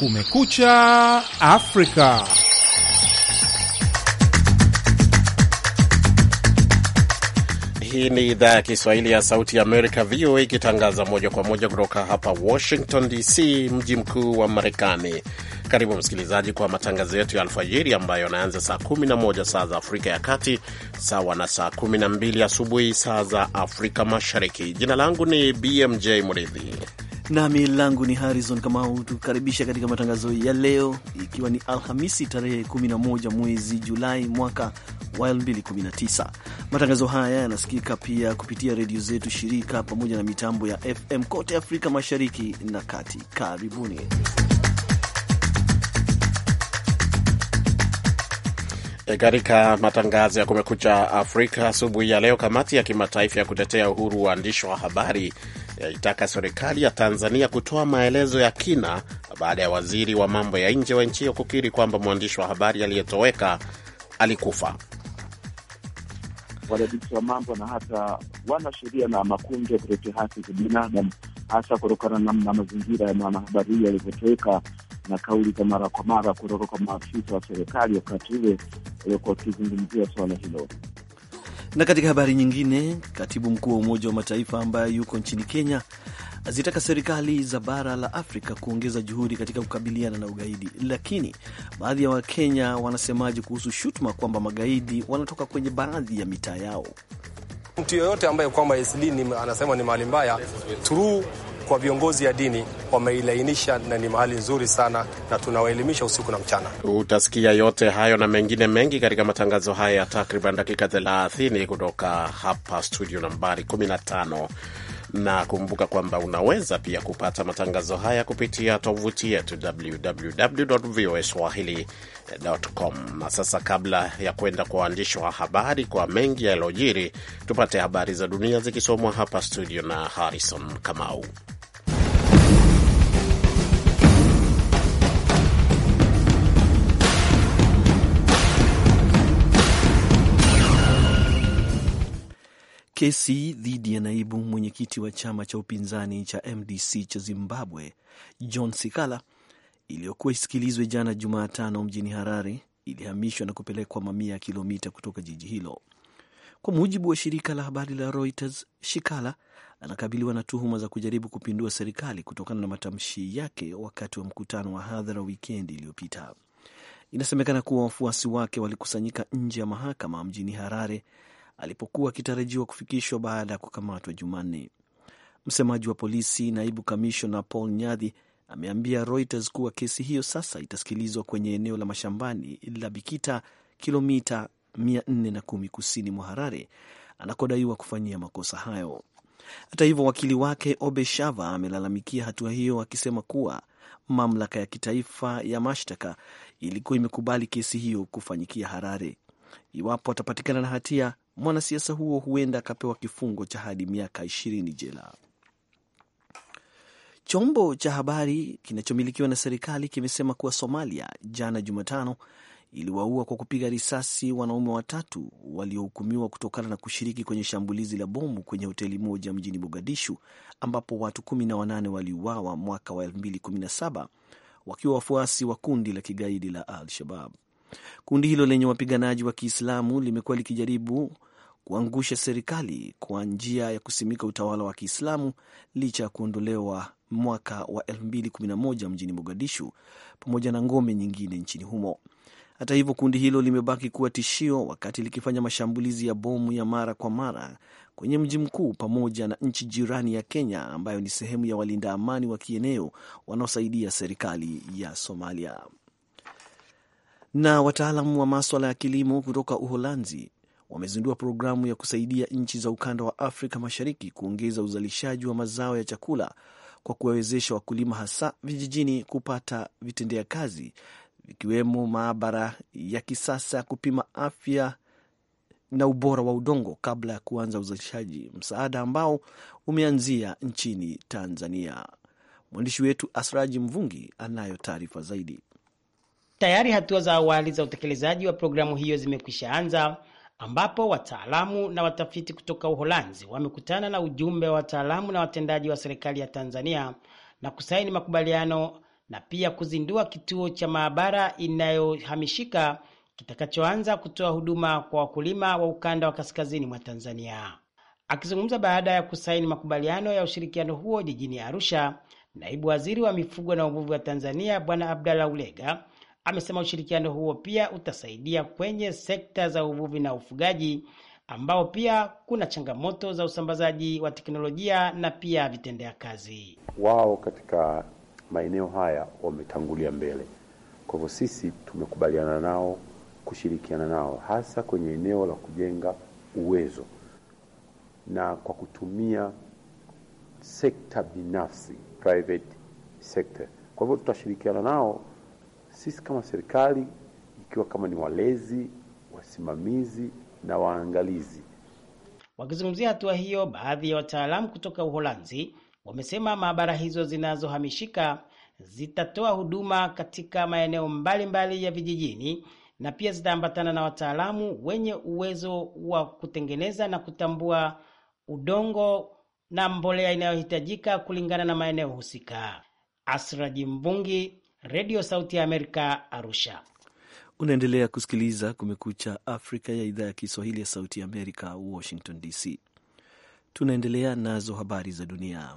Kumekucha Afrika. Hii ni idhaa ya Kiswahili ya Sauti ya Amerika, VOA, ikitangaza moja kwa moja kutoka hapa Washington DC, mji mkuu wa Marekani. Karibu msikilizaji kwa matangazo yetu ya alfajiri ambayo yanaanza saa 11 saa za Afrika ya Kati, sawa na saa 12 asubuhi saa za Afrika Mashariki. Jina langu ni BMJ Mridhi nami langu ni Harrison Kamau, tukaribisha katika matangazo ya leo, ikiwa ni Alhamisi tarehe 11 mwezi Julai mwaka wa 2019. Matangazo haya yanasikika pia kupitia redio zetu shirika pamoja na mitambo ya FM kote Afrika Mashariki na Kati. Karibuni. E, katika matangazo ya Kumekucha Afrika asubuhi ya leo, kamati ya kimataifa ya kutetea uhuru wa waandishi wa habari yaitaka serikali ya Tanzania kutoa maelezo ya kina baada ya waziri wa mambo ya nje wa nchi hiyo kukiri kwamba mwandishi wa habari aliyetoweka alikufa. Wadadisi wa mambo na hata wanasheria na makundi ya kutetea haki za binadamu, hasa kutokana na namna mazingira ya mwanahabari huyo yalivyotoweka na kauli za mara kwa mara kutoka kwa maafisa wa serikali wakati ule waliokuwa wakizungumzia suala hilo. Na katika habari nyingine, katibu mkuu wa Umoja wa Mataifa ambaye yuko nchini Kenya azitaka serikali za bara la Afrika kuongeza juhudi katika kukabiliana na ugaidi. Lakini baadhi ya Wakenya wanasemaje kuhusu shutuma kwamba magaidi wanatoka kwenye baadhi ya mitaa yao? Mtu yoyote ambaye kwamba anasema ni mali mbaya through kwa viongozi ya dini wameilainisha na ni mahali nzuri sana, na tunawaelimisha usiku na mchana. Utasikia yote hayo na mengine mengi katika matangazo haya ya takriban dakika 30 kutoka hapa studio nambari 15 na kumbuka kwamba unaweza pia kupata matangazo haya kupitia tovuti yetu www.voaswahili.com. Na sasa, kabla ya kwenda kwa waandishi wa habari kwa mengi yaliyojiri, tupate habari za dunia zikisomwa hapa studio na Harrison Kamau. Kesi dhidi ya naibu mwenyekiti wa chama cha upinzani cha MDC cha Zimbabwe John Sikala iliyokuwa isikilizwe jana Jumatano mjini Harare ilihamishwa na kupelekwa mamia ya kilomita kutoka jiji hilo. Kwa mujibu wa shirika la habari la Reuters, Shikala anakabiliwa na tuhuma za kujaribu kupindua serikali kutokana na matamshi yake wakati wa mkutano wa hadhara wikendi iliyopita. Inasemekana kuwa wafuasi wake walikusanyika nje ya mahakama mjini Harare alipokuwa akitarajiwa kufikishwa baada ya kukamatwa Jumanne. Msemaji wa polisi, naibu kamishona Paul Nyadhi, ameambia Reuters kuwa kesi hiyo sasa itasikilizwa kwenye eneo la mashambani la Bikita, kilomita 410 kusini mwa Harare, anakodaiwa kufanyia makosa hayo. Hata hivyo, wakili wake Obe Shava amelalamikia hatua hiyo akisema kuwa mamlaka ya kitaifa ya mashtaka ilikuwa imekubali kesi hiyo kufanyikia Harare. Iwapo atapatikana na hatia, mwanasiasa huo huenda akapewa kifungo cha hadi miaka ishirini jela. Chombo cha habari kinachomilikiwa na serikali kimesema kuwa Somalia jana Jumatano iliwaua kwa kupiga risasi wanaume watatu waliohukumiwa kutokana na kushiriki kwenye shambulizi la bomu kwenye hoteli moja mjini Mogadishu, ambapo watu kumi na wanane waliuawa mwaka wa 2017 wakiwa wafuasi wa kundi la kigaidi la Al Shabab. Kundi hilo lenye wapiganaji wa Kiislamu limekuwa likijaribu kuangusha serikali kwa njia ya kusimika utawala wa Kiislamu licha ya kuondolewa mwaka wa 2011 mjini Mogadishu pamoja na ngome nyingine nchini humo. Hata hivyo, kundi hilo limebaki kuwa tishio wakati likifanya mashambulizi ya bomu ya mara kwa mara kwenye mji mkuu pamoja na nchi jirani ya Kenya ambayo ni sehemu ya walinda amani wa kieneo wanaosaidia serikali ya Somalia. Na wataalamu wa maswala ya kilimo kutoka Uholanzi wamezindua programu ya kusaidia nchi za ukanda wa Afrika Mashariki kuongeza uzalishaji wa mazao ya chakula kwa kuwawezesha wakulima hasa vijijini kupata vitendea kazi vikiwemo maabara ya kisasa ya kupima afya na ubora wa udongo kabla ya kuanza uzalishaji, msaada ambao umeanzia nchini Tanzania. Mwandishi wetu Asraji Mvungi anayo taarifa zaidi. Tayari hatua za awali za utekelezaji wa programu hiyo zimekwisha anza ambapo wataalamu na watafiti kutoka Uholanzi wamekutana na ujumbe wa wataalamu na watendaji wa serikali ya Tanzania na kusaini makubaliano na pia kuzindua kituo cha maabara inayohamishika kitakachoanza kutoa huduma kwa wakulima wa ukanda wa kaskazini mwa Tanzania. Akizungumza baada ya kusaini makubaliano ya ushirikiano huo jijini Arusha, naibu waziri wa mifugo na uvuvi wa Tanzania Bwana Abdalla Ulega Amesema ushirikiano huo pia utasaidia kwenye sekta za uvuvi na ufugaji ambao pia kuna changamoto za usambazaji wa teknolojia na pia vitendea kazi. Wao katika maeneo haya wametangulia mbele, kwa hivyo sisi tumekubaliana nao kushirikiana nao hasa kwenye eneo la kujenga uwezo na kwa kutumia sekta binafsi, private sector. Kwa hivyo tutashirikiana nao sisi kama serikali ikiwa kama ni walezi, wasimamizi na waangalizi. Wakizungumzia hatua hiyo, baadhi ya wataalamu kutoka Uholanzi wamesema maabara hizo zinazohamishika zitatoa huduma katika maeneo mbalimbali ya vijijini na pia zitaambatana na wataalamu wenye uwezo wa kutengeneza na kutambua udongo na mbolea inayohitajika kulingana na maeneo husika. Asra Jimbungi, Redio Sauti ya Amerika, Arusha. Unaendelea kusikiliza Kumekucha Afrika ya idhaa ya Kiswahili ya Sauti ya Amerika, Washington DC. Tunaendelea nazo habari za dunia.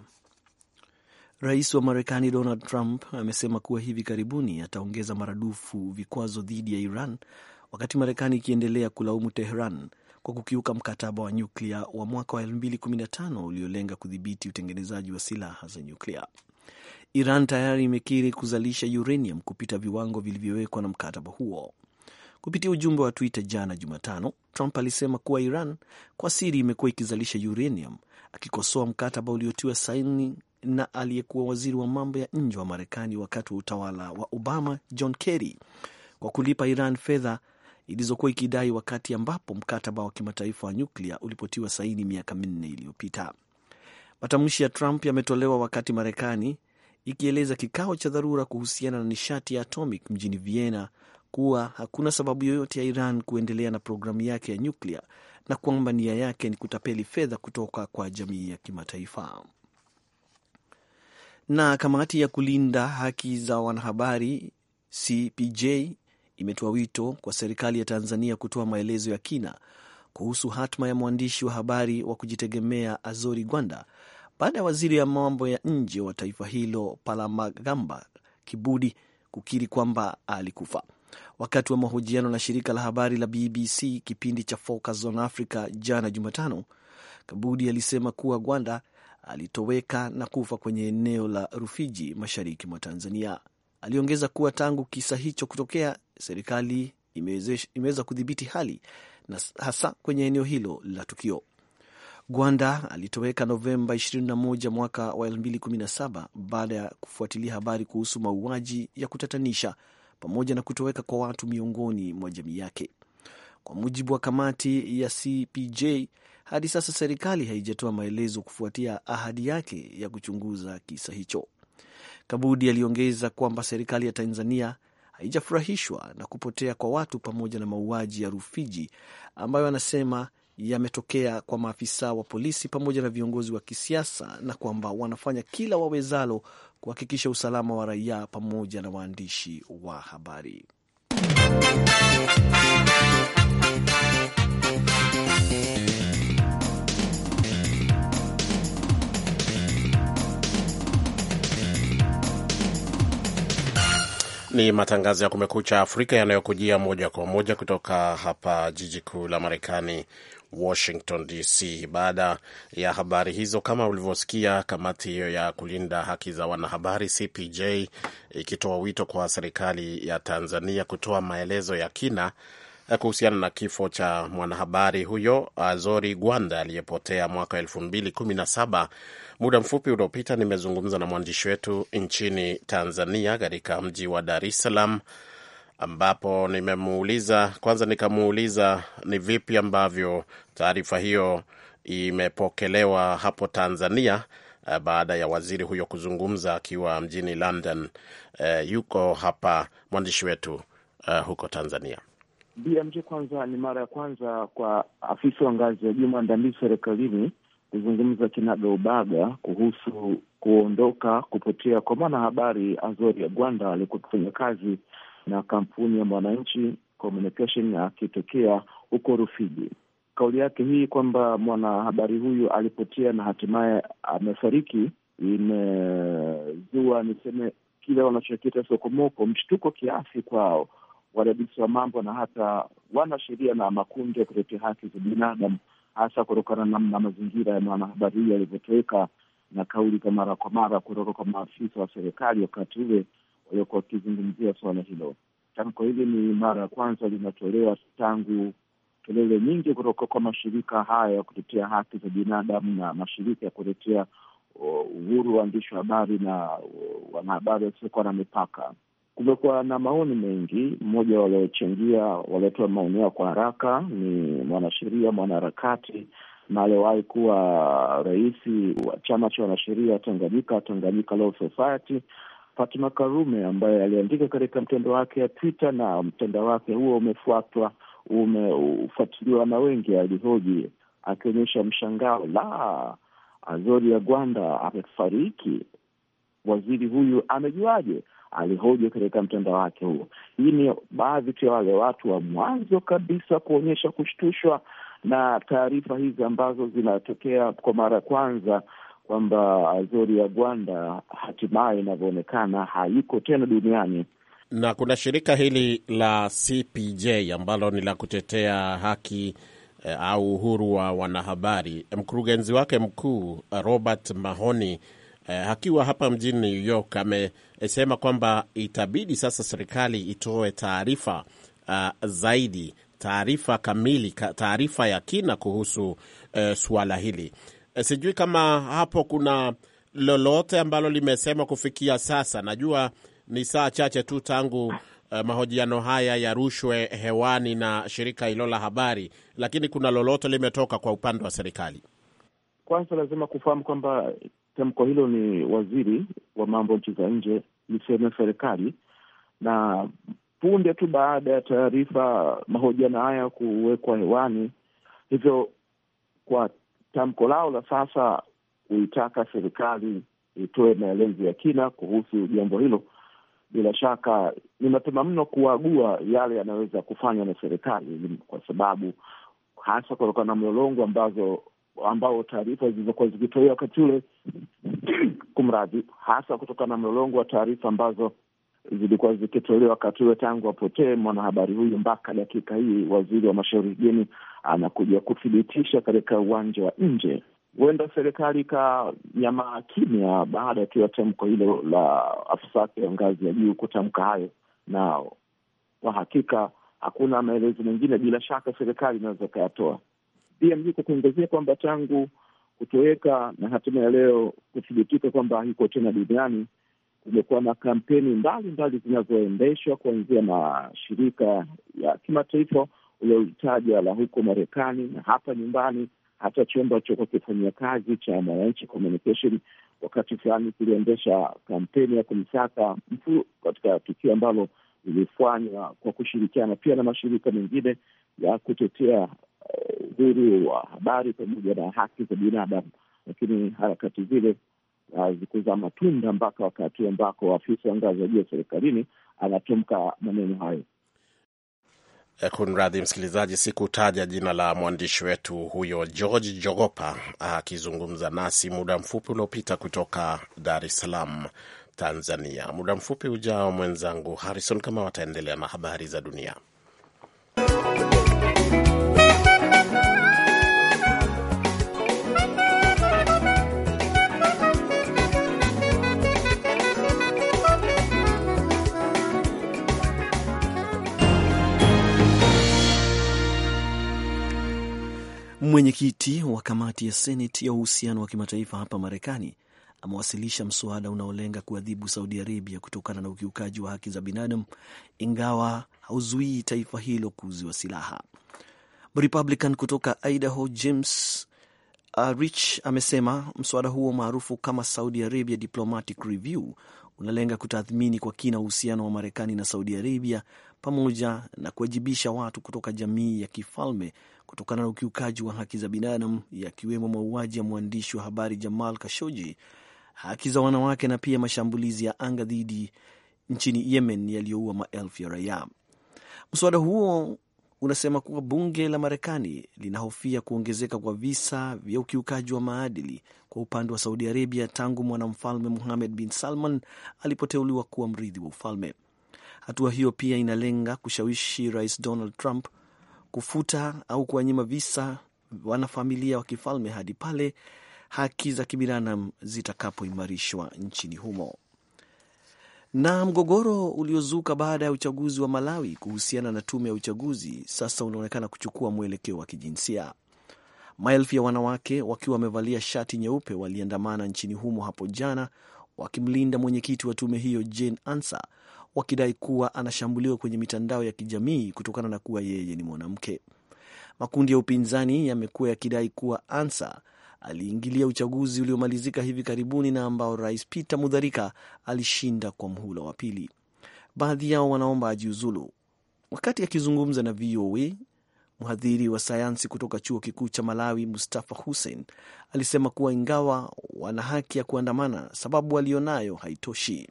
Rais wa Marekani Donald Trump amesema kuwa hivi karibuni ataongeza maradufu vikwazo dhidi ya Iran, wakati Marekani ikiendelea kulaumu Teheran kwa kukiuka mkataba wa nyuklia wa mwaka wa 2015 uliolenga kudhibiti utengenezaji wa silaha za nyuklia. Iran tayari imekiri kuzalisha uranium kupita viwango vilivyowekwa na mkataba huo. Kupitia ujumbe wa Twitter jana Jumatano, Trump alisema kuwa Iran kwa siri imekuwa ikizalisha uranium, akikosoa mkataba uliotiwa saini na aliyekuwa waziri wa mambo ya nje wa Marekani wakati wa utawala wa Obama, John Kerry, kwa kulipa Iran fedha ilizokuwa ikidai wakati ambapo mkataba wa kimataifa wa nyuklia ulipotiwa saini miaka minne iliyopita. Matamshi ya Trump yametolewa wakati Marekani ikieleza kikao cha dharura kuhusiana na nishati ya atomic mjini Vienna kuwa hakuna sababu yoyote ya Iran kuendelea na programu yake ya nyuklia na kwamba nia yake ni kutapeli fedha kutoka kwa jamii ya kimataifa. Na kamati ya kulinda haki za wanahabari CPJ imetoa wito kwa serikali ya Tanzania kutoa maelezo ya kina kuhusu hatma ya mwandishi wa habari wa kujitegemea Azori Gwanda baada ya waziri ya mambo ya nje wa taifa hilo Palamagamba Kibudi kukiri kwamba alikufa. Wakati wa mahojiano na shirika la habari la BBC kipindi cha Focus on Africa jana Jumatano, Kabudi alisema kuwa Gwanda alitoweka na kufa kwenye eneo la Rufiji, mashariki mwa Tanzania. Aliongeza kuwa tangu kisa hicho kutokea, serikali imeweza kudhibiti hali na hasa kwenye eneo hilo la tukio. Gwanda alitoweka Novemba 21 mwaka wa 2017 baada ya kufuatilia habari kuhusu mauaji ya kutatanisha pamoja na kutoweka kwa watu miongoni mwa jamii yake. Kwa mujibu wa kamati ya CPJ, hadi sasa serikali haijatoa maelezo kufuatia ahadi yake ya kuchunguza kisa hicho. Kabudi aliongeza kwamba serikali ya Tanzania haijafurahishwa na kupotea kwa watu pamoja na mauaji ya Rufiji ambayo anasema yametokea kwa maafisa wa polisi pamoja na viongozi wa kisiasa na kwamba wanafanya kila wawezalo kuhakikisha usalama wa raia pamoja na waandishi wa habari. Ni matangazo ya Kumekucha Afrika yanayokujia moja kwa moja kutoka hapa jiji kuu la Marekani, Washington DC. Baada ya habari hizo, kama ulivyosikia, kamati hiyo ya kulinda haki za wanahabari CPJ ikitoa wito kwa serikali ya Tanzania kutoa maelezo ya kina Eh, kuhusiana na kifo cha mwanahabari huyo Azori eh, Gwanda aliyepotea mwaka saba. Muda mfupi uliopita nimezungumza na mwandishi wetu nchini Tanzania katika mji wa Dar es Salaam ambapo nimemuuliza kwanza, nikamuuliza ni vipi ambavyo taarifa hiyo imepokelewa hapo Tanzania eh, baada ya waziri huyo kuzungumza akiwa mjini London. Uh, yuko hapa mwandishi wetu uh, huko Tanzania. BMJ, kwanza ni mara ya kwanza kwa afisa wa ngazi ya juu mwandamizi serikalini kuzungumza kinaga ubaga kuhusu kuondoka kupotea kwa mwanahabari Azori ya Gwanda aliyekuwa akifanya kazi na kampuni ya Mwananchi Communication akitokea huko Rufiji. Kauli yake hii kwamba mwanahabari huyu alipotea na hatimaye amefariki imezua niseme kile wanachokita sokomoko, mshtuko kiasi kwao wadadisi wa mambo na hata wanasheria na makundi ya kutetea haki za binadamu, hasa kutokana namna mazingira ya mwanahabari yalivyotoweka na kauli za mara kwa mara kutoka kwa maafisa wa serikali wakati ule waliokuwa wakizungumzia suala hilo. Tamko hili ni mara ya kwanza linatolewa tangu kelele nyingi kutoka kwa mashirika haya ya kutetea haki za binadamu na mashirika ya kutetea uh, uhuru waandishi wa habari na uh, wanahabari wasiokuwa na mipaka. Kumekuwa na maoni mengi. Mmoja waliochangia waliotoa maoni yao kwa haraka ni mwanasheria, mwanaharakati na aliyewahi kuwa rais wa chama cha wanasheria Tanganyika, Tanganyika Law Society, Karume, ambaye aliandika katika mtandao wake ya Twitter, na mtandao wake huo umefuatwa, umefuatiliwa na wengi. Alihoji akionyesha mshangao, la azori ya Gwanda amefariki, waziri huyu amejuaje? alihoji katika mtandao wake huo. Hii ni baadhi tu ya wale watu wa mwanzo kabisa kuonyesha kushtushwa na taarifa hizi ambazo zinatokea kwa mara ya kwanza kwamba Azori ya Gwanda hatimaye inavyoonekana hayuko tena duniani. Na kuna shirika hili la CPJ ambalo ni la kutetea haki eh, au uhuru wa wanahabari. Mkurugenzi wake mkuu Robert Mahoni eh, akiwa hapa mjini New York amesema kwamba itabidi sasa serikali itoe taarifa uh, zaidi, taarifa kamili, taarifa ya kina kuhusu eh, suala hili. Eh, sijui kama hapo kuna lolote ambalo limesema kufikia sasa. Najua ni saa chache tu tangu uh, mahojiano haya yarushwe hewani na shirika hilo la habari, lakini kuna lolote limetoka kwa upande wa serikali? Kwanza lazima kufahamu kwamba Tamko hilo ni waziri wa mambo nchi za nje liseme serikali, na punde tu baada ya taarifa mahojiano haya kuwekwa hewani. Hivyo kwa tamko lao la sasa kuitaka serikali itoe maelezo ya kina kuhusu jambo hilo, bila shaka ni mapema mno kuagua yale yanaweza kufanywa na serikali, kwa sababu hasa kutokana na mlolongo ambazo ambao taarifa zilizokuwa zikitolewa wakati ule kumradhi, hasa kutokana na mlolongo wa taarifa ambazo zilikuwa zikitolewa wakati ule tangu apotee mwanahabari huyu mpaka dakika hii, waziri wa mashauri kigeni anakuja kuthibitisha katika uwanja wa nje. Huenda serikali ikanyamaa kimya baada ya ya tamko hilo la afisa wake wa ngazi ya juu kutamka hayo, na kwa hakika hakuna maelezo mengine bila shaka serikali inaweza ikayatoa. PMU kuongezea kwamba tangu kutoweka na hatima ya leo kuthibitika kwamba iko tena duniani, kumekuwa na kampeni mbalimbali zinazoendeshwa kuanzia mashirika ya kimataifa ulioitaja la huko Marekani na hapa nyumbani, hata chombo choka kifanyia kazi cha Mwananchi Communication wakati fulani kiliendesha kampeni ya kumsaka mtu katika tukio ambalo lilifanywa kwa kushirikiana pia na mashirika mengine ya kutetea uhuru wa habari pamoja na haki za binadamu, lakini harakati zile hazikuzaa uh, matunda mpaka wakati ambako afisa wa ngazi ya juu serikalini anatumka maneno hayo. Eh, kunradhi msikilizaji, sikutaja jina la mwandishi wetu huyo George Jogopa akizungumza nasi muda mfupi uliopita kutoka Dar es Salaam, Tanzania. Muda mfupi ujao, mwenzangu Harrison kama wataendelea na habari za dunia. mwenyekiti wa kamati ya Seneti ya uhusiano wa kimataifa hapa Marekani amewasilisha mswada unaolenga kuadhibu Saudi Arabia kutokana na ukiukaji wa haki za binadamu, ingawa hauzuii taifa hilo kuuziwa silaha. Republican kutoka Idaho James uh, Rich amesema mswada huo maarufu kama Saudi Arabia Diplomatic Review unalenga kutathmini kwa kina uhusiano wa Marekani na Saudi Arabia pamoja na kuwajibisha watu kutoka jamii ya kifalme kutokana na ukiukaji wa haki za binadamu, yakiwemo mauaji ya mwandishi wa habari Jamal Kashoji, haki za wanawake na pia mashambulizi ya anga dhidi nchini Yemen yaliyoua maelfu ya raia. Mswada huo unasema kuwa bunge la Marekani linahofia kuongezeka kwa visa vya ukiukaji wa maadili kwa upande wa Saudi Arabia tangu mwanamfalme muhamed bin Salman alipoteuliwa kuwa mrithi wa ufalme. Hatua hiyo pia inalenga kushawishi Rais Donald Trump kufuta au kuwanyima visa wanafamilia wa kifalme hadi pale haki za kibinadamu zitakapoimarishwa nchini humo. Na mgogoro uliozuka baada ya uchaguzi wa Malawi kuhusiana na tume ya uchaguzi sasa unaonekana kuchukua mwelekeo wa kijinsia. Maelfu ya wanawake wakiwa wamevalia shati nyeupe waliandamana nchini humo hapo jana wakimlinda mwenyekiti wa tume hiyo Jane Ansa wakidai kuwa anashambuliwa kwenye mitandao ya kijamii kutokana na kuwa yeye ni mwanamke. Makundi ya upinzani yamekuwa yakidai kuwa Ansa aliingilia uchaguzi uliomalizika hivi karibuni na ambao Rais Peter Mutharika alishinda kwa mhula wa pili. Baadhi yao wanaomba ajiuzulu. Wakati akizungumza na VOA, mhadhiri wa sayansi kutoka chuo kikuu cha Malawi Mustafa Hussein alisema kuwa ingawa wana haki ya kuandamana, sababu walionayo haitoshi.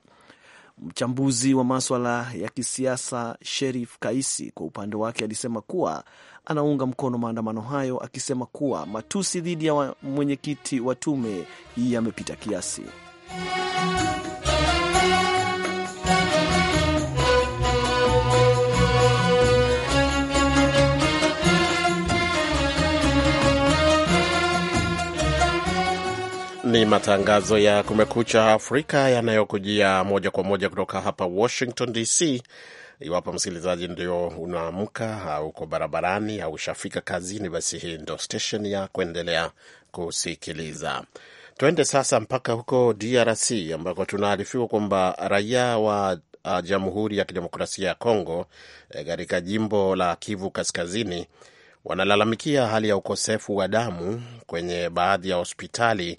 Mchambuzi wa maswala ya kisiasa Sherif Kaisi kwa upande wake alisema kuwa anaunga mkono maandamano hayo, akisema kuwa matusi dhidi ya mwenyekiti wa tume yamepita kiasi. Ni matangazo ya Kumekucha Afrika yanayokujia moja kwa moja kutoka hapa Washington DC. Iwapo msikilizaji ndio unaamka au uko barabarani au ushafika kazini, basi hii ndo stesheni ya kuendelea kusikiliza. Tuende sasa mpaka huko DRC ambako tunaarifiwa kwamba raia wa uh, Jamhuri ya Kidemokrasia ya Kongo eh, katika jimbo la Kivu Kaskazini wanalalamikia hali ya ukosefu wa damu kwenye baadhi ya hospitali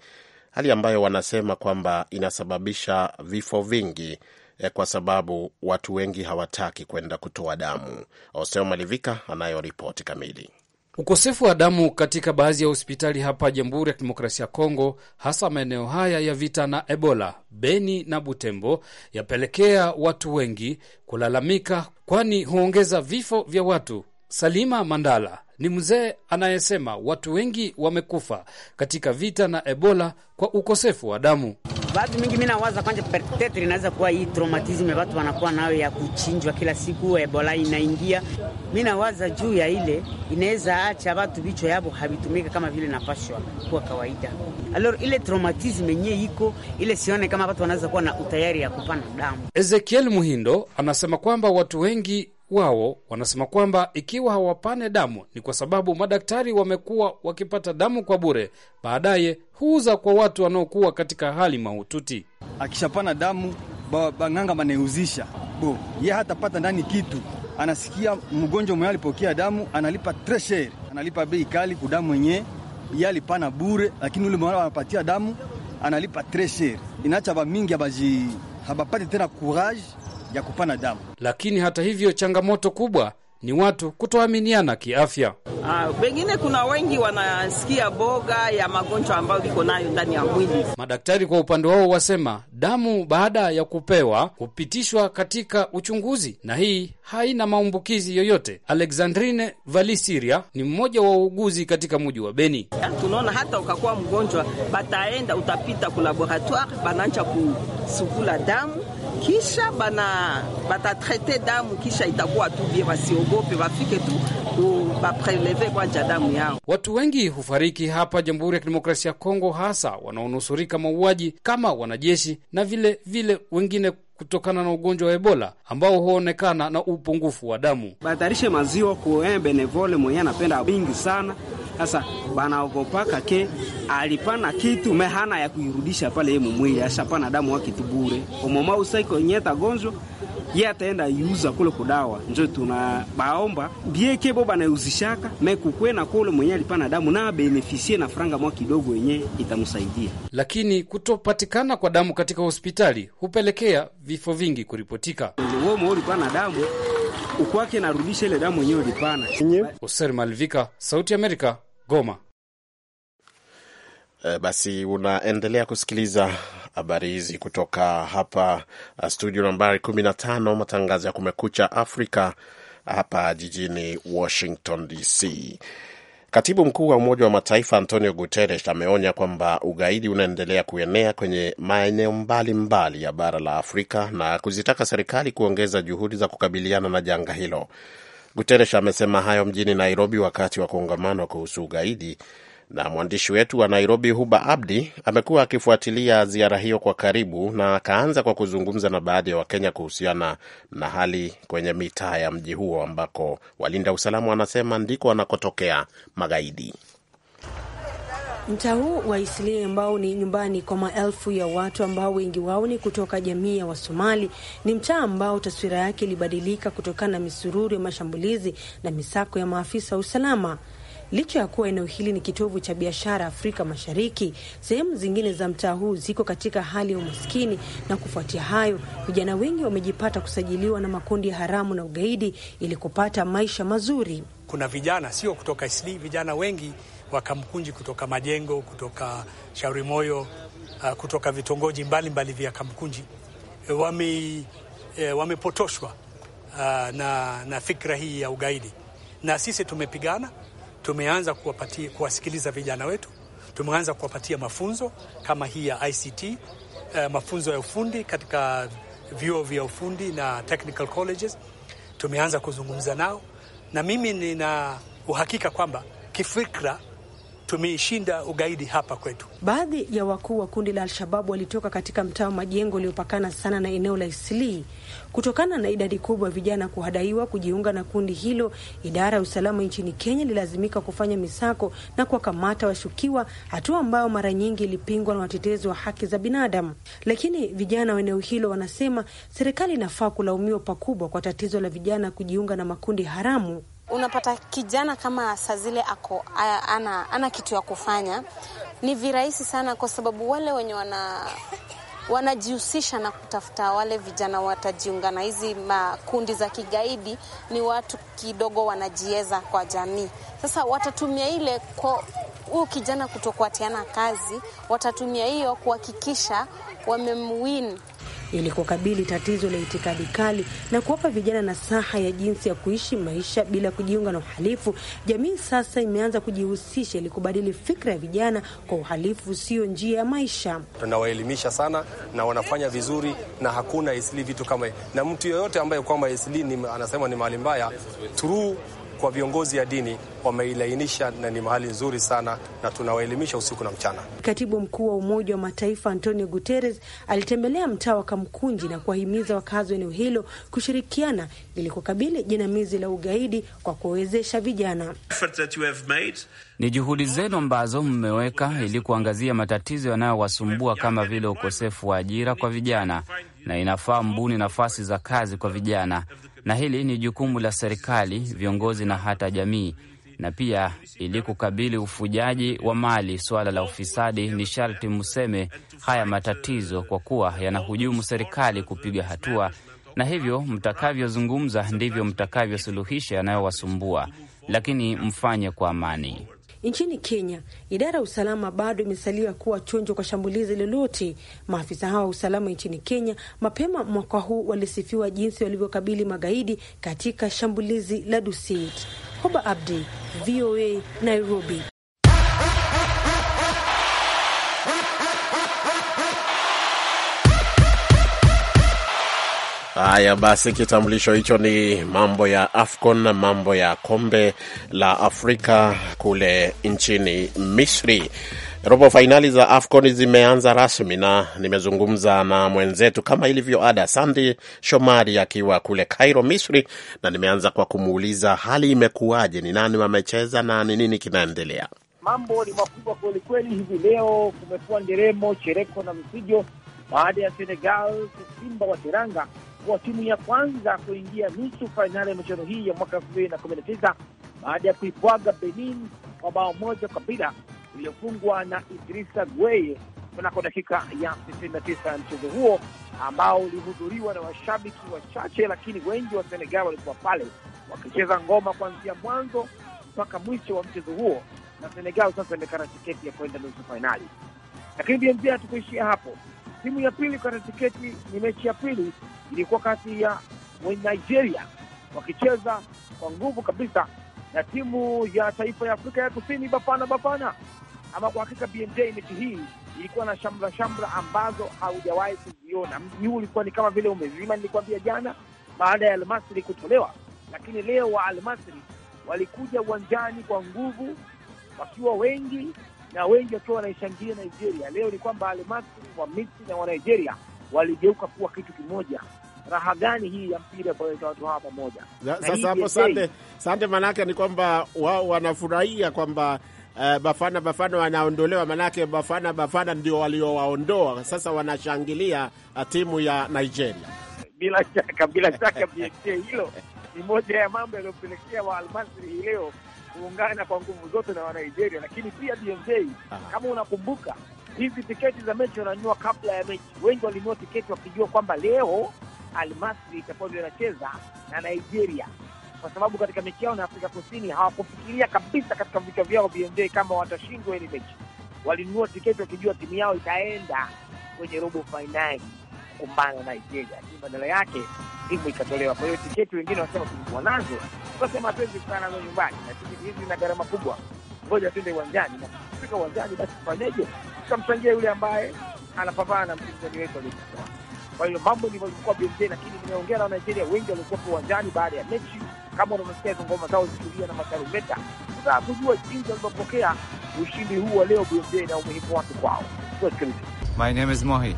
hali ambayo wanasema kwamba inasababisha vifo vingi eh, kwa sababu watu wengi hawataki kwenda kutoa damu. Oseo Malivika anayo ripoti kamili. Ukosefu wa damu katika baadhi ya hospitali hapa Jamhuri ya Kidemokrasia ya Kongo, hasa maeneo haya ya vita na Ebola, Beni na Butembo, yapelekea watu wengi kulalamika, kwani huongeza vifo vya watu. Salima Mandala ni mzee anayesema watu wengi wamekufa katika vita na Ebola kwa ukosefu wa damu. Watu mingi mi nawaza kwanja perpetre inaweza kuwa hii traumatism ya watu wanakuwa nayo ya kuchinjwa kila siku, Ebola inaingia. Mi nawaza juu ya ile inaweza acha watu vichwa yavo havitumika kama vile napashwa kuwa kawaida. Alor, ile traumatism yenyewe iko ile, sione kama watu wanaweza kuwa na utayari ya kupana damu. Ezekiel Muhindo anasema kwamba watu wengi wao wanasema kwamba ikiwa hawapane damu ni kwa sababu madaktari wamekuwa wakipata damu kwa bure, baadaye huuza kwa watu wanaokuwa katika hali mahututi. Akishapana damu bang'anga banaihuzisha bo, ye hatapata ndani kitu anasikia mgonjwa mwenye alipokea damu analipa tresher, analipa bei kali kudamu mwenyewe ye alipana bure, lakini ule mwana anapatia damu analipa tresher. inacha ba mingi habapati tena courage ya kupana damu. Lakini hata hivyo, changamoto kubwa ni watu kutoaminiana kiafya. Ah, pengine kuna wengi wanasikia boga ya magonjwa ambayo iko nayo ndani ya mwili. Madaktari kwa upande wao wasema damu baada ya kupewa hupitishwa katika uchunguzi na hii haina maambukizi yoyote. Alexandrine Valisiria ni mmoja wa wauguzi katika muji wa Beni. Tunaona hata ukakuwa mgonjwa, bataenda utapita kulaboratoire, bananja banaanja kusukula damu kisha bana batatrete damu, kisha itakuwa tu bie, wasiogope, wafike tu bapreleve kwanja damu yao. Watu wengi hufariki hapa Jamhuri ya Kidemokrasia ya Kongo, hasa wanaonusurika mauaji kama wanajeshi na vile vile wengine kutokana na ugonjwa wa Ebola ambao huonekana na upungufu wa damu. Batarishe maziwa nevole mwenye anapenda wingi sana sasa banaogopa kake alipana kitu mehana ya kuirudisha pale mumwili, ashapana damu wake tu bure omoma usaiko nyeta gonjo ye ataenda yuza kule kudawa, njo tuna baomba bieke bo banauzishaka mekukwe na kule mwenye alipana damu na benefisie na franga mwa kidogo yenye itamsaidia. Lakini kutopatikana kwa damu katika hospitali hupelekea vifo vingi kuripotika. Wewe ulipana damu ukwake narudisha ile damu yenyewe ulipana. Hoser Malvika, Sauti ya Amerika, Goma. Eh, basi unaendelea kusikiliza habari hizi kutoka hapa uh, studio nambari 15, matangazo ya Kumekucha Afrika hapa jijini Washington DC. Katibu mkuu wa Umoja wa Mataifa Antonio Guterres ameonya kwamba ugaidi unaendelea kuenea kwenye maeneo mbalimbali ya bara la Afrika na kuzitaka serikali kuongeza juhudi za kukabiliana na janga hilo. Guterres amesema hayo mjini Nairobi wakati wa kongamano kuhusu ugaidi na mwandishi wetu wa Nairobi Huba Abdi amekuwa akifuatilia ziara hiyo kwa karibu na akaanza kwa kuzungumza na baadhi ya Wakenya kuhusiana na hali kwenye mitaa ya mji huo ambako walinda usalama wanasema ndiko wanakotokea magaidi. Mtaa huu wa Isli ambao ni nyumbani kwa maelfu ya watu ambao wengi wao ni kutoka jamii ya Wasomali ni mtaa ambao taswira yake ilibadilika kutokana na misururu ya mashambulizi na misako ya maafisa wa usalama. Licha ya kuwa eneo hili ni kitovu cha biashara Afrika Mashariki, sehemu zingine za mtaa huu ziko katika hali ya umaskini, na kufuatia hayo, vijana wengi wamejipata kusajiliwa na makundi ya haramu na ugaidi ili kupata maisha mazuri. Kuna vijana sio kutoka SD, vijana wengi wakamkunji kutoka Majengo, kutoka Shauri Moyo, uh, kutoka vitongoji mbalimbali vya Kamkunji eh, wame, eh, wamepotoshwa uh, na, na fikra hii ya ugaidi, na sisi tumepigana tumeanza kuwapatia, kuwasikiliza vijana wetu, tumeanza kuwapatia mafunzo kama hii ya ICT, uh, eh, mafunzo ya ufundi katika vyuo vya ufundi na technical colleges. Tumeanza kuzungumza nao na mimi nina uhakika kwamba kifikra tumeishinda ugaidi hapa kwetu. Baadhi ya wakuu wa kundi la Al-Shababu walitoka katika mtaa wa Majengo uliopakana sana na eneo la islii kutokana na idadi kubwa ya vijana kuhadaiwa kujiunga na kundi hilo. Idara ya usalama nchini Kenya ililazimika kufanya misako na kuwakamata washukiwa, hatua ambayo mara nyingi ilipingwa na watetezi wa haki za binadamu. Lakini vijana wa eneo hilo wanasema serikali inafaa kulaumiwa pakubwa kwa tatizo la vijana kujiunga na makundi haramu. Unapata kijana kama saa zile ako ana, ana kitu ya kufanya, ni virahisi sana, kwa sababu wale wenye wana wanajihusisha na kutafuta wale vijana watajiunga na hizi makundi za kigaidi, ni watu kidogo wanajieza kwa jamii. Sasa watatumia ile kwa huyu kijana kutokuatiana kazi, watatumia hiyo kuhakikisha wamemwin ili kukabili tatizo la itikadi kali na kuwapa vijana nasaha ya jinsi ya kuishi maisha bila kujiunga na uhalifu. Jamii sasa imeanza kujihusisha ili kubadili fikra ya vijana kwa uhalifu sio njia ya maisha. Tunawaelimisha sana na wanafanya vizuri, na hakuna isli vitu kama na mtu yoyote ambaye kwamba isli ni, anasema ni mali mbaya through kwa viongozi ya dini wameilainisha na ni mahali nzuri sana, na tunawaelimisha usiku na mchana. Katibu mkuu wa Umoja wa Mataifa Antonio Guterres alitembelea mtaa wa Kamkunji na kuwahimiza wakazi wa eneo hilo kushirikiana ili kukabili jinamizi la ugaidi kwa kuwawezesha vijana. Ni juhudi zenu ambazo mmeweka ili kuangazia matatizo yanayowasumbua kama vile ukosefu wa ajira kwa vijana, na inafaa mbuni nafasi za kazi kwa vijana na hili ni jukumu la serikali, viongozi na hata jamii. Na pia ili kukabili ufujaji wa mali, suala la ufisadi, ni sharti mseme haya matatizo, kwa kuwa yanahujumu serikali kupiga hatua, na hivyo mtakavyozungumza ndivyo mtakavyosuluhisha yanayowasumbua, lakini mfanye kwa amani. Nchini Kenya, idara ya usalama bado imesalia kuwa chonjo kwa shambulizi lolote. Maafisa hawa wa usalama nchini Kenya mapema mwaka huu walisifiwa jinsi walivyokabili magaidi katika shambulizi la Dusit. Hoba Abdi, VOA, Nairobi. Haya basi, kitambulisho hicho ni mambo ya AFCON na mambo ya kombe la Afrika kule nchini Misri. Robo fainali za AFCON zimeanza rasmi, na nimezungumza na mwenzetu kama ilivyo ada, Sandi Shomari akiwa kule Cairo, Misri, na nimeanza kwa kumuuliza hali imekuwaje, ni nani wamecheza na ni nini kinaendelea. Mambo ni makubwa kwelikweli. Hivi leo kumekuwa nderemo, chereko na misijo baada ya Senegal kusimba Wateranga kuwa timu ya kwanza kuingia nusu fainali ya michuano hii ya mwaka elfu mbili na kumi na tisa baada ya kuipwaga Benin kwa bao moja kwa bila iliyofungwa na Idrisa Gueye kunako dakika ya 99 ya mchezo huo ambao ulihudhuriwa na washabiki wachache, lakini wengi wa Senegal walikuwa pale wakicheza ngoma kuanzia mwanzo mpaka mwisho wa mchezo huo, na Senegal sasa imekata tiketi ya kwenda nusu fainali. Lakini BMJ, hatukuishia hapo. Timu ya pili kukata tiketi ni mechi ya pili ilikuwa kati ya Nigeria wakicheza kwa nguvu kabisa na timu ya taifa ya Afrika ya Kusini, Bafana Bafana. Ama kwa hakika BMJ, mechi hii ilikuwa na shamra shamra ambazo haujawahi kuziona. Mji huu ulikuwa ni kama vile umezima, nilikwambia jana, baada ya Almasri kutolewa, lakini leo wa Almasri walikuja uwanjani kwa nguvu, wakiwa wengi na wengi wakiwa wanaishangilia Nigeria. Leo ni kwamba Almasri wa Misri na wa Nigeria waligeuka kuwa kitu kimoja raha gani hii ya mpira ambayo watu hawa pamoja. Sasa hapo sante, sante, manake ni kwamba wao wanafurahia kwamba Uh, Bafana Bafana wanaondolewa, manake Bafana Bafana ndio waliowaondoa. Sasa wanashangilia eh, timu ya Nigeria. Bila shaka bila shaka hilo ni moja ya mambo yaliyopelekea wa Almasri hii leo kuungana kwa nguvu zote na Wanigeria, lakini pia BMJ, ah. kama unakumbuka hizi tiketi za mechi wananyua kabla ya mechi. Wengi walinua tiketi wakijua kwamba leo Almasri itakuwa ndio inacheza na Nigeria, kwa sababu katika mechi yao na Afrika Kusini hawakufikiria kabisa katika vichwa vyao vionjei kama watashindwa ile mechi. Walinunua tiketi wakijua timu yao itaenda kwenye robo fainali kukumbana na Nigeria, lakini badala yake timu ikatolewa. Kwa hiyo tiketi wengine wanasema tulikuwa nazo, tukasema hatuwezi kukaa nazo nyumbani, na tiketi hizi na gharama kubwa, ngoja tuende uwanjani, na kufika uwanjani basi tufanyeje? Tukamchangia yule ambaye anapambana na mpinzani wetu aliyekuwa kwa hiyo mambo ni mazunguka BMJ, lakini nimeongea na Wanigeria wengi waliokuwepo uwanjani baada ya mechi, kama unavyosikia hizo ngoma zao zikilia na matarumeta, kutaka kujua jinsi walivyopokea ushindi huu wa leo BMJ na umuhimu wake kwao. My name is Mohi.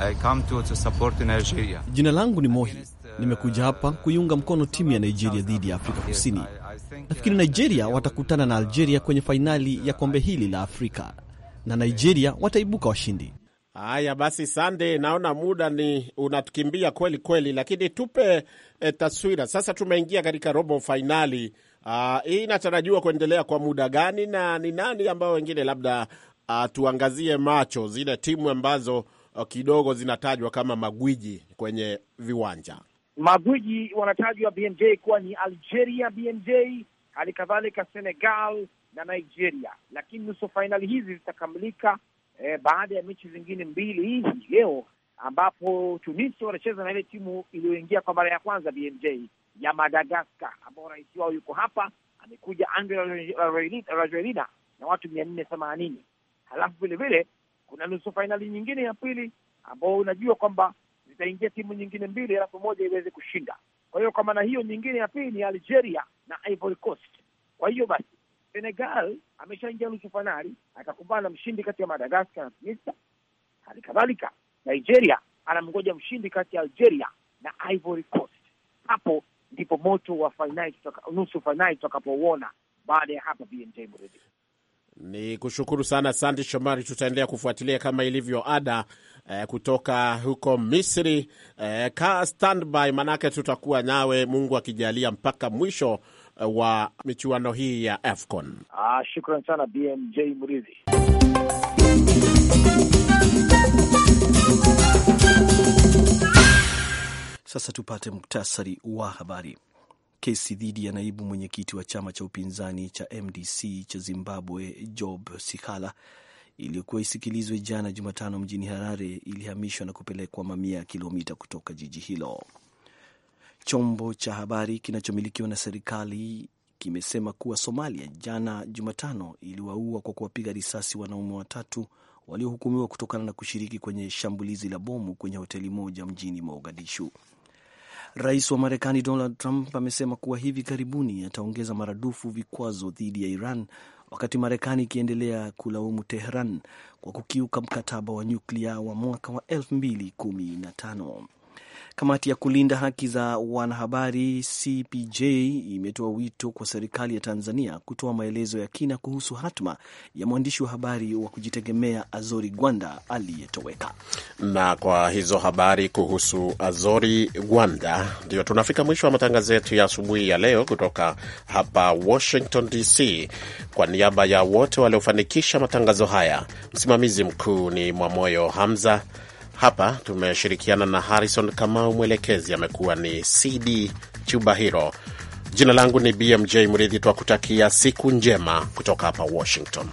I come to, to support Nigeria. Jina langu ni Mohi. Nimekuja hapa kuiunga mkono timu ya Nigeria dhidi ya Afrika Kusini. Nafikiri Nigeria watakutana na Algeria kwenye fainali ya kombe hili la Afrika na Nigeria wataibuka washindi. Haya basi, Sande, naona muda ni unatukimbia kweli kweli, lakini tupe e, taswira sasa. Tumeingia katika robo fainali ah, hii, inatarajiwa kuendelea kwa muda gani na ni nani ambao wengine labda uh, tuangazie macho zile timu ambazo oh, kidogo zinatajwa kama magwiji kwenye viwanja. Magwiji wanatajwa BMJ kuwa ni Algeria BMJ, hali kadhalika Senegal na Nigeria, lakini nusu fainali hizi zitakamilika e, baada ya mechi zingine mbili hii leo ambapo Tunisia wanacheza na ile timu iliyoingia kwa mara ya kwanza BMJ ya Madagaskar, ambao rais wao yuko hapa, amekuja Andre Rajoelina na watu mia nne themanini. Halafu vilevile kuna nusu fainali nyingine ya pili ambao unajua kwamba zitaingia timu nyingine mbili, alafu moja iweze kushinda. Kwa hiyo kwa maana hiyo nyingine ya pili ni Algeria na Ivory Coast. Kwa hiyo basi Senegal ameshaingia nusu fainali, atakumbana na mshindi kati ya Madagaskar na Tunisia. Hali kadhalika Nigeria anamngoja mshindi kati ya Algeria na Ivory Coast. Hapo ndipo moto wa fainali, nusu fainali tutakapouona. Baada ya hapa BMJ Muridi ni kushukuru sana Sandi Shomari. Tutaendelea kufuatilia kama ilivyo ada eh, kutoka huko Misri eh, ka standby, manake tutakuwa nawe Mungu akijalia mpaka mwisho Eh, wa michuano hii ya AFCON. Ah, shukran sana BMJ Mridhi. Sasa tupate muktasari wa habari. Kesi dhidi ya naibu mwenyekiti wa chama cha upinzani cha MDC cha Zimbabwe Job Sikala iliyokuwa isikilizwe jana Jumatano mjini Harare ilihamishwa na kupelekwa mamia ya kilomita kutoka jiji hilo. Chombo cha habari kinachomilikiwa na serikali kimesema kuwa Somalia jana Jumatano iliwaua kwa kuwapiga risasi wanaume watatu waliohukumiwa kutokana na kushiriki kwenye shambulizi la bomu kwenye hoteli moja mjini Mogadishu. Rais wa Marekani Donald Trump amesema kuwa hivi karibuni ataongeza maradufu vikwazo dhidi ya Iran, wakati Marekani ikiendelea kulaumu Teheran kwa kukiuka mkataba wa nyuklia wa mwaka wa 2015. Kamati ya kulinda haki za wanahabari CPJ imetoa wito kwa serikali ya Tanzania kutoa maelezo ya kina kuhusu hatma ya mwandishi wa habari wa kujitegemea Azori Gwanda aliyetoweka. Na kwa hizo habari kuhusu Azori Gwanda, ndio tunafika mwisho wa matangazo yetu ya asubuhi ya leo kutoka hapa Washington DC. Kwa niaba ya wote waliofanikisha matangazo haya, msimamizi mkuu ni Mwamoyo Hamza. Hapa tumeshirikiana na Harrison Kamau, mwelekezi amekuwa ni CD Chubahiro. Jina langu ni BMJ Mridhi, twakutakia siku njema kutoka hapa Washington.